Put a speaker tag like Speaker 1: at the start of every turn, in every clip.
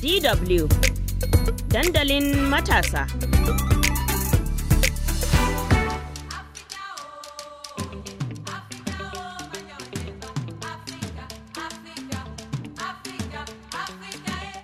Speaker 1: DW dandalin matasa.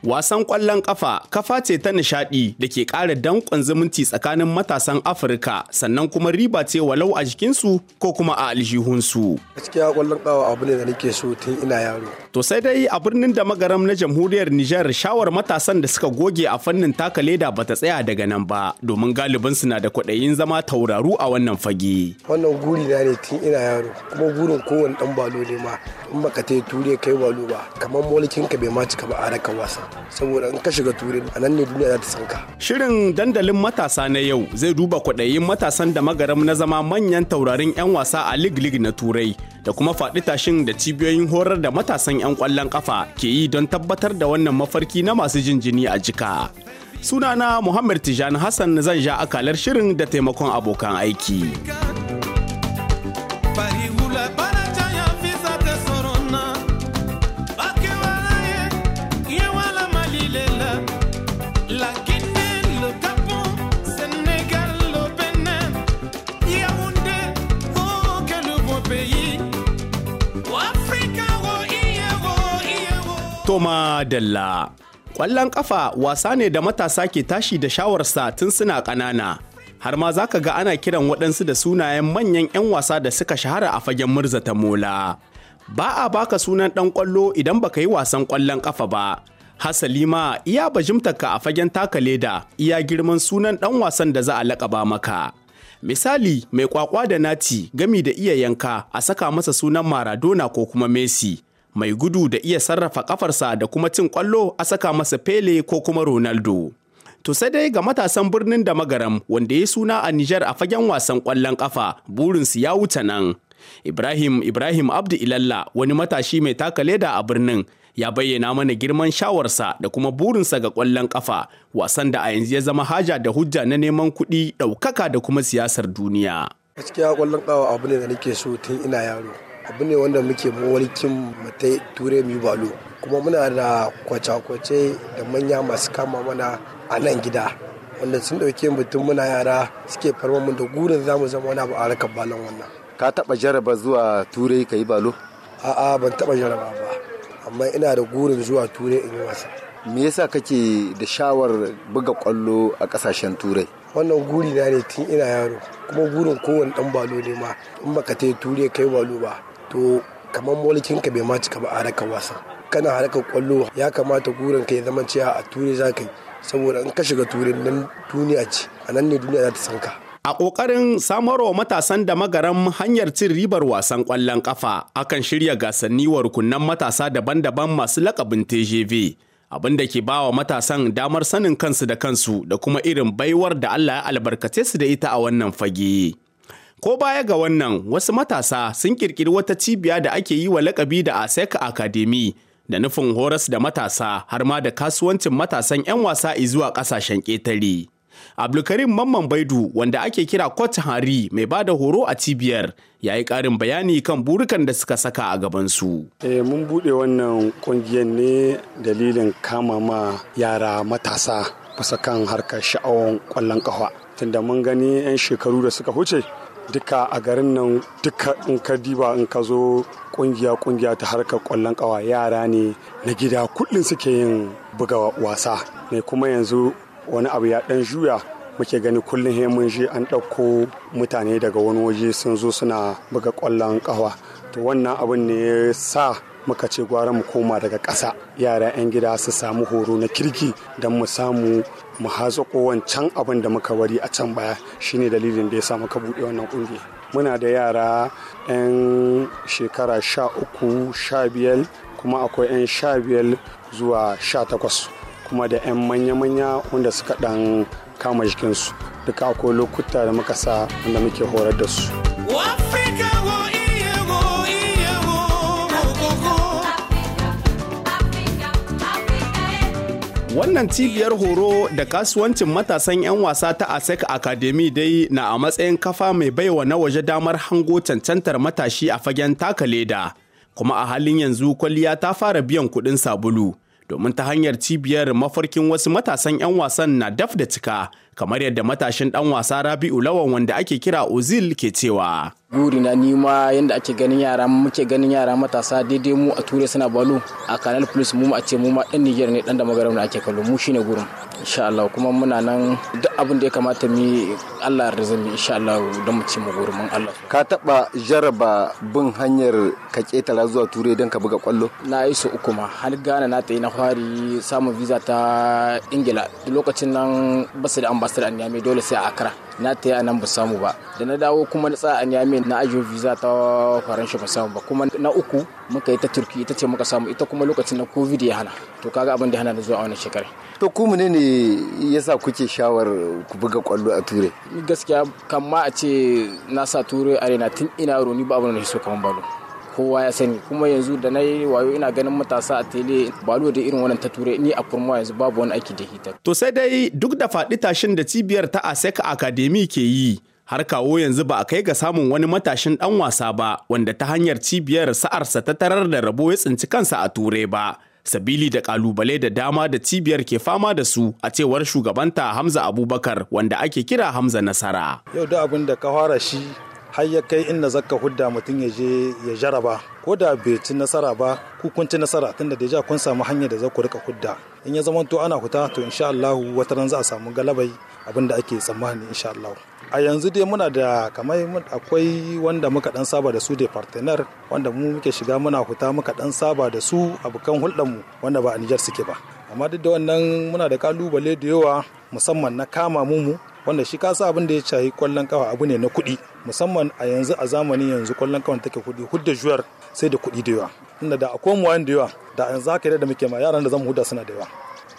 Speaker 1: Wasan ƙwallon ƙafa kafa ce ta nishaɗi da ke ƙara danƙon zumunci tsakanin matasan Afirka sannan kuma riba ce walau a jikinsu ko kuma a aljihunsu.
Speaker 2: Gaskiya kwallon ƙafa abu ne da nake so tun ina yaro. To sai
Speaker 1: dai a birnin da magaram na jamhuriyar Nijar shawar matasan da suka goge a fannin taka leda bata tsaya daga nan ba domin galibin suna da kwaɗayin zama tauraru a wannan fage.
Speaker 2: Wannan guri na ne tun ina yaro kuma gurin kowane ɗan balo ne ma in baka ta ture kai balo ba kamar molikin ka bai ma cika ba a raka wasa. saboda in ka shiga turai a nan ne duniya za ta san ka.
Speaker 1: Shirin dandalin matasa na yau zai duba kwaɗayin matasan da magaram na zama manyan taurarin 'yan wasa a lig lig na turai da kuma faɗi tashin da cibiyoyin horar da matasan 'yan ƙwallon ƙafa ke yi don tabbatar da wannan mafarki na masu jin jini a jika. Sunana Muhammad Tijani Hassan zan ja akalar shirin da taimakon abokan aiki. goma dalla. Ƙwallon ƙafa wasa ne da matasa ke tashi da shawarsa tun suna ƙanana. Har ma za ka ga ana kiran waɗansu da sunayen manyan 'yan wasa da suka shahara a fagen murza ta mola. Ba a baka sunan ɗan ƙwallo idan baka yi wasan ƙwallon ƙafa ba. Hasali ma iya bajimtaka a fagen taka leda iya girman sunan ɗan wasan da za a laƙaba maka. Misali mai kwakwa da nati gami da iya yanka a saka masa sunan Maradona ko kuma Messi. mai gudu da iya sarrafa kafarsa da kuma cin kwallo a saka masa Pele ko kuma Ronaldo. To sai dai ga matasan birnin da magaram wanda ya suna a Nijar a fagen wasan kwallon kafa burinsu ya wuce nan. Ibrahim Ibrahim abdu Ilalla wani matashi mai taka leda a birnin ya bayyana mana girman shawarsa da kuma burinsa ga kwallon ƙafa, wasan da a yanzu ya zama haja da hujja na neman kuɗi ɗaukaka da kuma siyasar duniya.
Speaker 2: Gaskiya kwallon kawa abu ne da nake so tun ina yaro. abu ne wanda muke mawalkin matai ture mu balo kuma muna da kwace-kwace da manya masu kama mana a nan gida wanda sun ɗauke mutum muna yara suke farma mun da gurin za mu zama wani abu a harkar balon wannan ka taɓa jaraba zuwa turai ka yi balo a'a ban taba jaraba ba amma ina da gurin zuwa turai in yi wasa me yasa kake da shawar buga kwallo a kasashen turai wannan guri na ne tun ina yaro kuma gurin kowane dan balo ne ma in baka ta ture kai balo ba to kamar ka bai ma cika ba a harkar wasa kana harkar kwallo ya kamata gurin ka ya zama cewa a ture za ka yi saboda in ka shiga ture nan duniya ce a nan ne duniya za ta san ka a ƙoƙarin samarwa matasan da magaram
Speaker 1: hanyar cin ribar wasan kwallon kafa akan shirya gasanni wa rukunan matasa daban-daban masu lakabin tjv abin da ke bawa matasan damar sanin kansu da kansu da kuma irin baiwar da allah ya albarkace su da ita a wannan fage. Ko baya ga wannan, wasu matasa sun kirkiri wata cibiya da ake yi wa lakabi da ASEC Academy da nufin horas da matasa har ma da kasuwancin matasan 'yan wasa izuwa ƙasashen ƙetare. Abdulkarim Mamman Baidu wanda ake kira Kwata Hari mai bada horo a cibiyar ya yi ƙarin bayani kan burukan da suka saka a gabansu.
Speaker 3: Eh, mun buɗe wannan ƙungiyar ne dalilin kama ma yara matasa kusa kan harkar sha'awar ƙwallon ƙafa. Tunda mun gani 'yan shekaru da suka huce duka a garin nan duka in ka diba in ka zo kungiya kungiya ta harkar kwallon kawa yara ne na gida kullum suke yin buga wasa ne kuma yanzu wani abu ya dan juya muke gani kullum he mun je an ɗauko mutane daga wani waje sun zo suna buga kwallon kawa to wannan abin ne ya sa muka ce gwara mu koma daga ƙasa yara 'yan gida su samu horo na kirki don mu samu mu hatsako wancan abin da muka wari a can baya shine dalilin da ya sa muka buɗe wannan ƙungiya muna da yara 'yan shekara sha uku sha biyar kuma akwai 'yan sha biyar zuwa sha takwas kuma da 'yan manya-manya wanda suka ɗan kama jikinsu duka akwai lokuta da muka sa wanda muke horar da su.
Speaker 1: Wannan cibiyar horo da kasuwancin matasan 'yan wasa ta ASEC Academy dai na a matsayin kafa mai baiwa na waje damar hango cancantar matashi a fagen taka leda, kuma a halin yanzu kwalliya ta fara biyan kuɗin sabulu. domin ta hanyar cibiyar mafarkin wasu matasan 'yan wasan na daf da cika kamar yadda matashin dan wasa Rabi'u Lawan wanda ake kira Ozil ke cewa. Buri na nima yadda ake ganin yara muke ganin yara matasa daidai mu a turai suna balo a Canal Plus mu a ce mu ma dan Niger ne dan da magaram ake kallo mu shine gurin. Insha Allah kuma muna nan
Speaker 2: abin da ya kamata mu Allah ya zan insha Allah don mu ci magurumin Allah ka taba jaraba bin hanyar ka ketara zuwa turai don ka buga kwallo na yi su uku ma
Speaker 1: har gana na ta yi na fari samun visa ta Ingila lokacin nan basu da ambassador a dole sai a Accra na ta yi nan ba samu ba da na dawo kuma na tsaya a Niamey na ajiyo visa ta faransa ba samu ba kuma na uku muka yi ta turki ita ce muka samu ita kuma lokacin na covid ya hana to kaga abin da hana na zuwa a wani shekara
Speaker 2: to ku ne ne yasa kuke shawar ku buga kwallo a ture
Speaker 1: ni gaskiya kamma a ce na sa ture arena tun ina roni ni ba abin da so kaman balo kowa ya sani kuma yanzu da na yi wayo ina ganin matasa a tele balo da irin wannan ta ture ni a kurma yanzu babu wani aiki da hita to sai dai duk da faɗi tashin da cibiyar ta asek academy ke yi har kawo yanzu ba a kai ga samun wani matashin dan wasa ba wanda ta hanyar cibiyar sa'arsa ta tarar da rabo ya tsinci kansa a ture ba sabili da kalubale da dama da cibiyar ke fama da su a cewar shugabanta Hamza Abubakar wanda ake kira Hamza Nasara.
Speaker 4: Yau da abin da ka fara shi har ya kai inda zaka hudda mutum ya je ya jaraba ko da bai ci nasara ba ku kun ci nasara tunda da ja kun samu hanyar da za ku rika hudda in ya zama to ana huta to insha Allah wata ran za a samu galabai abin da ake tsammani insha Allah a yanzu dai muna da kamar akwai wanda muka dan saba da su da partner wanda mu muke shiga muna huta muka dan saba da su abukan hulɗar mu wanda ba a Niger suke ba amma duk da wannan muna da kalubale da yawa musamman na kama mumu wanda shi kasa abin da ya shayi kwallon kawa abu ne na kuɗi musamman a yanzu a zamanin yanzu kwallon kawa take kuɗi hudda juwar sai da kuɗi da yawa tunda da akwai mu da yawa da yanzu haka da muke ma yaran da zamu huda suna da yawa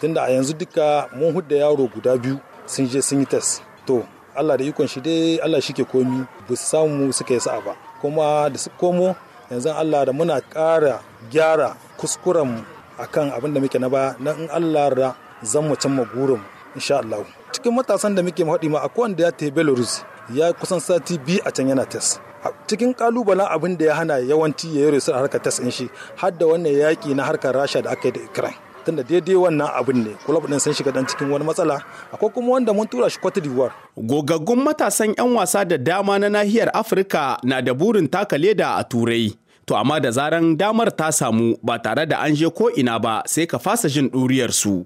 Speaker 4: tunda a yanzu duka mun huda yaro guda biyu sun je sun yi tas. to Allah da ikon shi dai Allah shi ke komi ba samu suka yi sa'a ba kuma da su komo yanzu Allah da muna ƙara gyara kuskuren akan abin da muke na ba na in Allah ra zan mu cimma gurin insha Allah cikin matasan da muke haɗi ma akwai wanda ya tafi Belarus ya kusan sati biyu a can yana tes cikin kalubalen abin da ya hana yawanci ya yi a harkar test in shi har da wannan yaƙi na harkar rasha da aka yi da ukraine tunda daidai wannan abin ne kulab din sun shiga dan cikin wani matsala akwai kuma wanda mun tura shi kwata diwar gogaggun matasan yan wasa da dama na nahiyar Afirka
Speaker 1: na da burin taka leda a turai to amma da zaran damar ta samu ba tare da an je ko ina ba sai ka fasa jin ɗuriyar su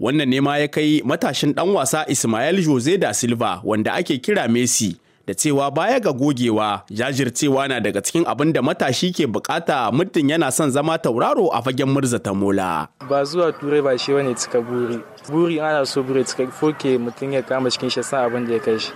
Speaker 1: Wannan ne ma ya kai matashin dan wasa ismail Jose da Silva wanda ake kira Messi da cewa baya ga gogewa jajircewa na daga cikin abin da matashi ke bukata muddin yana son zama tauraro a fagen murza ta mola.
Speaker 4: Ba zuwa turai ba shi wani cika buri. Buri ana so buri cika foke mutum ya kama cikin shi sa abin da ya kai shi.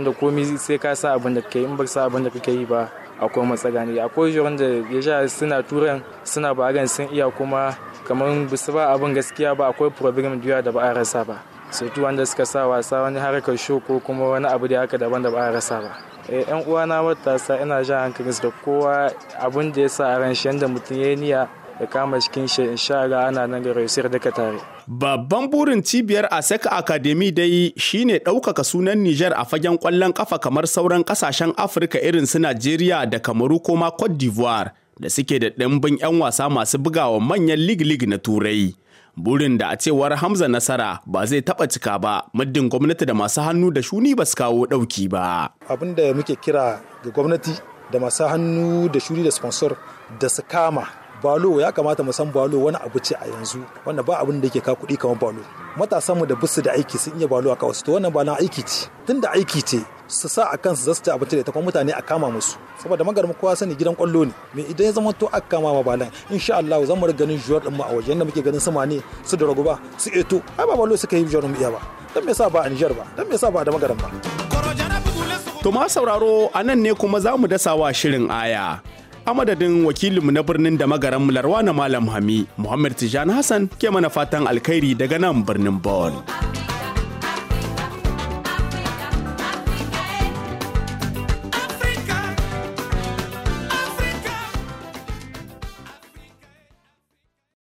Speaker 4: Inda komi sai ka sa abin da kai in ba sa abin da kake yi ba akwai matsala ne. Akwai da ya sha suna turan suna bagan sun iya kuma kamar bisa ba abin gaskiya ba akwai program da da ba a rasa ba sai wanda suka sa wasa wani harkar show ko kuma wani abu da haka daban da ba a rasa ba eh yan uwana matasa ina ja hankali da kowa abin da ya sa a ran shi mutum ya niyya da kama cikin shi insha Allah ana nan ga da duka tare.
Speaker 1: Babban burin cibiyar asek Academy dai shine ɗaukaka sunan niger a fagen kwallon kafa kamar sauran kasashen Afirka irin su Najeriya da Kamaru ko ma Cote d'Ivoire. da suke da ɗimbin 'yan wasa masu bugawa manyan lig-lig na turai burin da a cewar hamza nasara ba zai taɓa cika ba muddin gwamnati da masu hannu da shuni ba su kawo ɗauki ba
Speaker 4: abin da muke kira ga gwamnati da masu hannu da shuni da sponsor da su kama balo ya kamata mu san balo wani abu ce a yanzu wanda ba abin da yake ka kuɗi kamar balo matasanmu da bisu da aiki sun iya balo a kawai to wannan balon aiki ce tunda aiki ce su sa a kansu za su ci abinci da ita kuma mutane a kama musu saboda magarmu kowa sani gidan kwallo ne me idan ya zama to a kama ma balan insha Allah zan mu ganin juwar din mu a wajen da muke ganin sama ne su da ba su eto ai ba balo suka yi juwar mu iya ba dan me yasa ba a Niger ba dan me yasa ba da magarmu ba to ma sauraro anan ne kuma zamu mu dasawa
Speaker 1: shirin aya a madadin wakilinmu na birnin da magaran larwa na malam hami muhammad tijani hassan ke mana fatan alkhairi daga nan birnin bon.